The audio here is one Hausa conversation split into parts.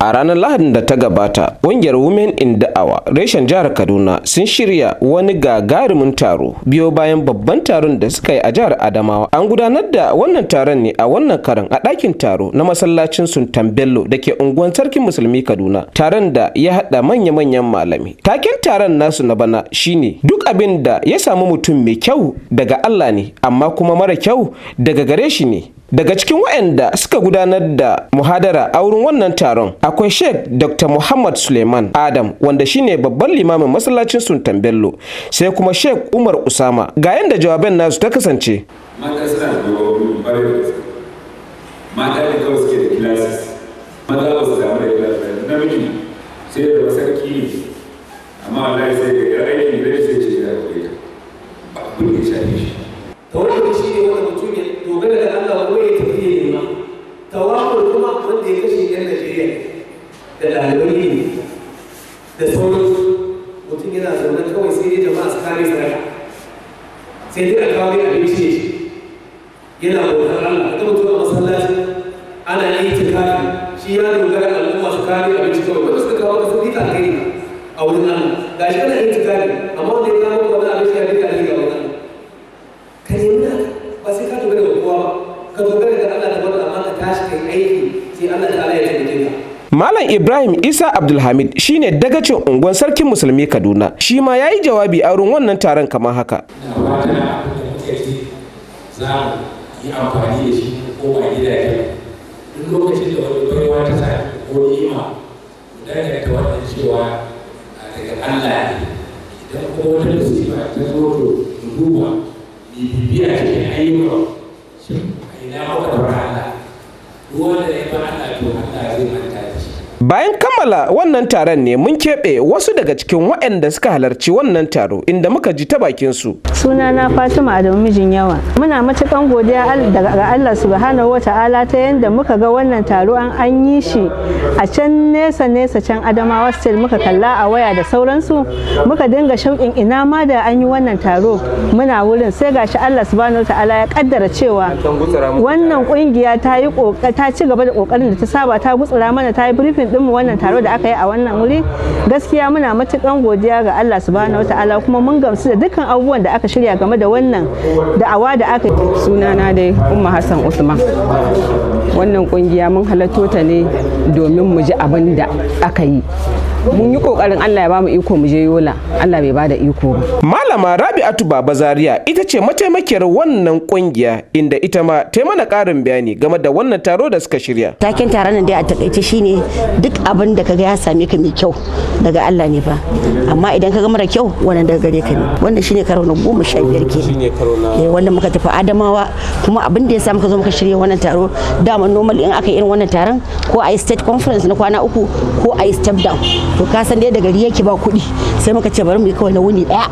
A ranar Lahadin da ta gabata, ƙungiyar Women in Da'awa reshen jihar Kaduna sun shirya wani gagarumin taro biyo bayan babban taron da suka yi a jihar Adamawa. An gudanar da wannan taron ne a wannan karan a ɗakin taro na masallacin Suntan Bello da ke unguwan Sarkin Musulmi Kaduna. Taron da ya haɗa manya-manyan malami. Taken taron nasu na bana shine duk abin da ya samu mutum mai kyau daga Allah ne amma kuma mara kyau daga gare shi ne. Daga cikin waɗanda suka gudanar da muhadara a wurin wannan taron akwai Sheikh Dr. Muhammad Suleiman Adam wanda shine babban limamin masallacin Sultan Bello sai kuma Sheikh Umar Usama ga yadda jawaban nasu ta kasance. Mata suna da mata da kawai suke da kilasis maza ba su samu da namiji sai da sarki da ɗalibai ne da sauran mutum yana zaune kawai sai dai jama'a su kare sai dai a abinci yana bautar Allah Malam Ibrahim Isa Abdulhamid shine dagacin unguwar sarkin musulmi Kaduna shi ma ya yi jawabi a wurin wannan taron kamar haka. Allah ne idan kuma wata Банк. kammala wannan taron ne mun keɓe wasu daga cikin waɗanda suka halarci wannan taro inda muka ji ta bakin su. suna na Fatima Adamu mijin yawa. Muna matukan godiya daga Allah subhanahu wata'ala ta yadda muka ga wannan taro an an yi shi a can nesa nesa can Adamawa State muka kalla a waya da sauransu muka dinga shauƙin ina ma da an yi wannan taro muna wurin sai gashi Allah subhanahu wata'ala ya kaddara cewa wannan ƙungiya ta yi ta ci gaba da ƙoƙarin da ta saba ta gutsura mana ta yi briefing ɗin mu wannan taro taro da aka yi a wannan wuri gaskiya muna matukan godiya ga Allah subhanahu wataala kuma mun gamsu da dukkan abubuwan da aka shirya game da wannan da'awa da aka yi sunana dai umma hassan usman wannan kungiya mun halatto ta ne domin mu ji abin da aka yi mun yi kokarin Allah ya bamu iko mu je Yola Allah bai bada iko ba Malama Rabi'atu Baba Zaria ita ce mataimakiyar wannan kungiya inda ita ma ta mana karin bayani game da wannan taro da suka shirya Taken taron nan dai a takaice shine duk abin da kaga ya same ka mai kyau daga Allah ne ba amma idan kaga mara kyau wannan daga gare ka ne wannan shine karo na goma sha biyar ke eh, wannan muka tafi Adamawa kuma abin da ya sa muka zo muka shirya wannan taro dama normal in aka yi irin wannan taron ko a yi state conference na kwana uku ko a step down to ka san dai da gari yake ba kuɗi sai muka ce bari mu yi kawai na wuni ɗaya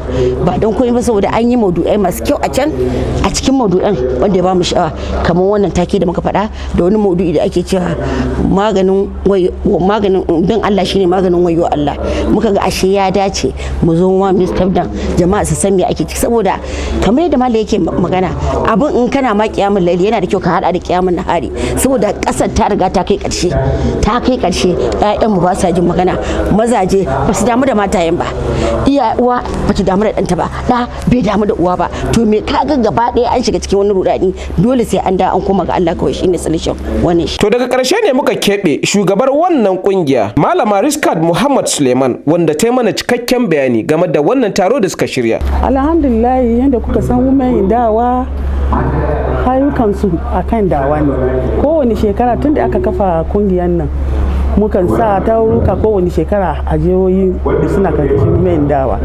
ba don komai ba saboda an yi maudu'ai masu kyau a can a cikin maudu'an wanda ya ba mu sha'awa kamar wannan take da muka faɗa da wani maudu'i da ake cewa maganin maganin don Allah shine maganin wayo Allah muka ga ashe ya dace mu zo wa Mr. Dan jama'a su san me ake ciki saboda kamar yadda mallam yake magana abin in kana ma kiyamin laili yana da kyau ka hada da na nahari saboda kasar ta riga ta kai karshe ta kai karshe ƴaƴan mu ba sa jin magana mazaje ba su damu da matayen ba iya uwa ba ki damu da ɗanta ba ɗa bai damu da uwa ba to me ka ga gaba ɗaya an shiga cikin wani rudani dole sai an da an koma ga Allah kawai shine solution wannan to daga karshe ne muka keɓe shugabar wannan kungiya malama Riskat Muhammad Suleiman wanda ta yi mana cikakken bayani game da wannan taro da suka shirya alhamdulillah yanda kuka san women dawa hayukansu akan dawa ne kowane shekara tun da aka kafa kungiyar nan mukan sa ko kowane shekara a jihohi da suna karkashin mayan dawa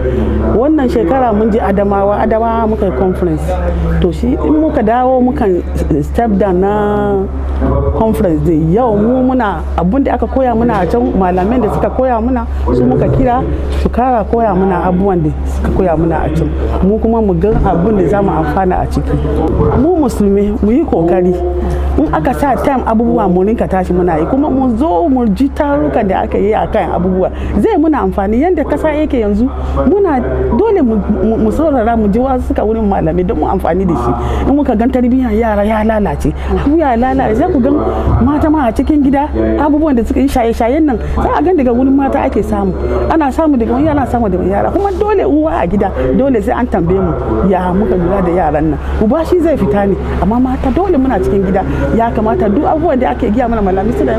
wannan shekara mun je adamawa adamawa muka yi conference to shi in muka dawo mukan step down na conference din yau mu muna abun da aka koya muna a can malamai da suka koya muna su muka kira su kara koya muna abubuwan da suka koya muna a can mu kuma mu ga abun da za amfana a ciki mu musulmi mu yi kokari in aka sa time abubuwa mu rinka tashi muna yi kuma mu zo mu ji tarukan da aka yi a kan abubuwa zai muna amfani yadda kasa yake yanzu muna dole mu saurara mu ji wasu suka wurin malamai don mu amfani da shi in muka gan tarbiyya yara ya lalace abu ya lalace zai ku gan mata ma a cikin gida abubuwan da suka yi shaye-shayen nan za a gan daga wurin mata ake samu ana samu daga wani ana samu daga yara kuma dole uwa a gida dole sai an tambaye mu ya muka lura da yaran nan uba shi zai fita ne amma mata dole muna cikin gida ya kamata duk abubuwan da ake giya mana malamai suna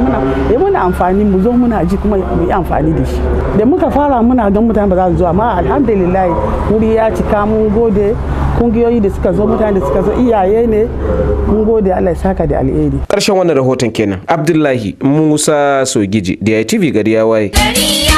yi mana amfani amfani mu zo muna ji kuma mu yi amfani da shi da muka fara muna don mutane ba za su zo amma alhamdulillah wuri ya cika mu gode kungiyoyi da suka zo mutane da suka zo iyaye ne mun gode Allah ya saka da alheri karshen wannan rahoton kenan Abdullahi Musa Sogiji da TV gari ya waye